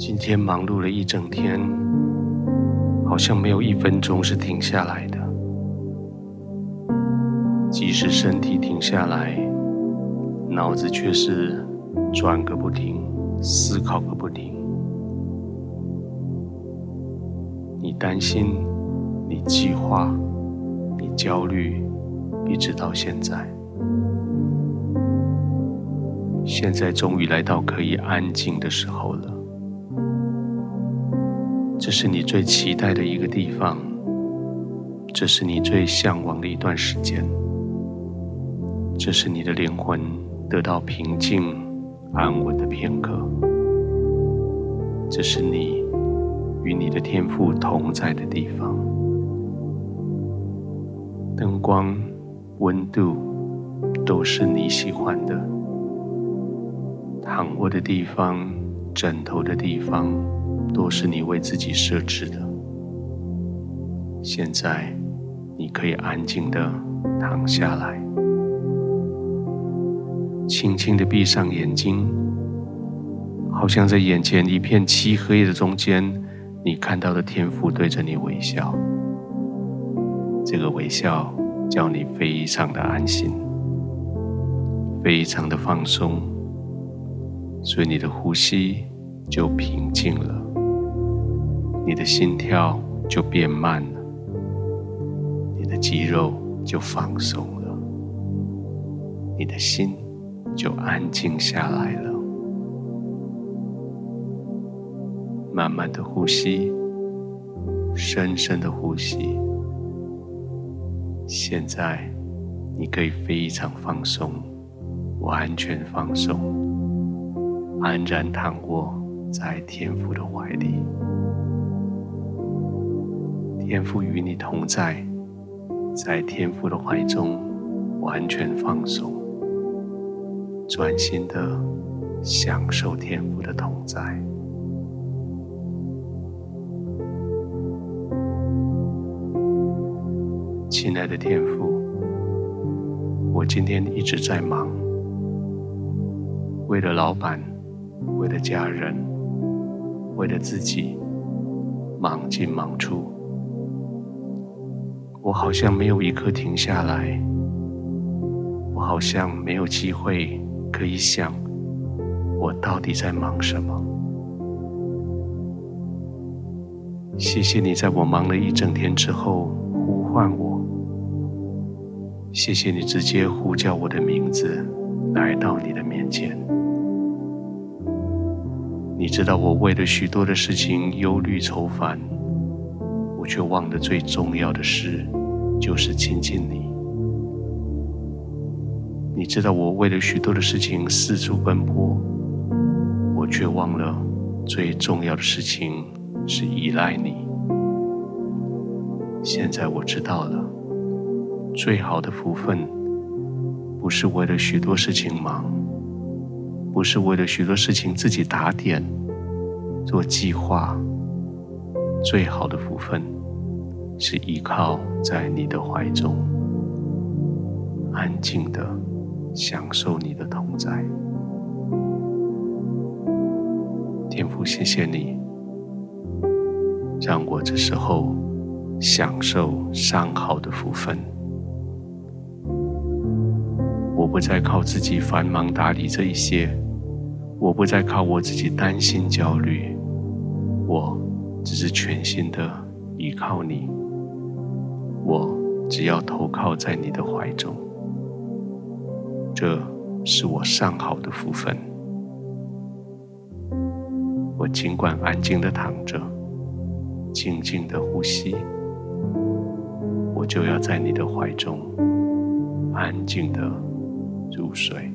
今天忙碌了一整天，好像沒有一分鐘是停下來的。即使身體停下來，腦子卻是轉個不停，思考個不停。你擔心，你計劃，你焦慮，一直到現在。現在終於來到可以安靜的時候了。這是你最期待的一個地方，這是你最嚮往的一段時間，這是你的靈魂得到平靜安穩的片刻，這是你與你的天父同在的地方。燈光、溫度都是你喜歡的，躺臥的地方、枕頭的地方。都是你為自己設置的。現在，你可以安靜的躺下來，輕輕的閉上眼睛，好像在眼前一片漆黑的中間，你看到的天父對着你微笑。這個微笑叫你非常的安心，非常的放鬆，所以你的呼吸就平靜了。你的心跳就變慢了，你的肌肉就放鬆了，你的心就安靜下來了。慢慢的呼吸，深深的呼吸。現在你可以非常放鬆，完全放鬆，安然躺臥在天父的懷裡。天父與你同在，在天父的懷中完全放鬆，專心的享受天父的同在。親愛的天父，我今天一直在忙，為了老板，為了家人，為了自己，忙進忙出。我好像沒有一刻停下來，我好像沒有機會可以想我到底在忙什麼。謝謝你在我忙了一整天之後呼喚我，謝謝你直接呼叫我的名字來到你的面前。你知道我為了許多的事情憂慮愁煩。我卻忘了最重要的事，就是親近你。你知道，我為了許多的事情四處奔波，我卻忘了最重要的事情是依賴你。現在我知道了，最好的福分，不是為了許多事情忙，不是為了許多事情自己打點、做計劃。最好的福分，是依靠在你的懷中，安靜的享受你的同在。天父，謝謝你，讓我這時候享受上好的福分。我不再靠自己繁忙打理這一些，我不再靠我自己擔心焦慮，我，只是全心的依靠你，我只要投靠在你的懷中，這是我上好的福分。我盡管安靜的躺着，靜靜的呼吸，我就要在你的懷中，安靜的入睡。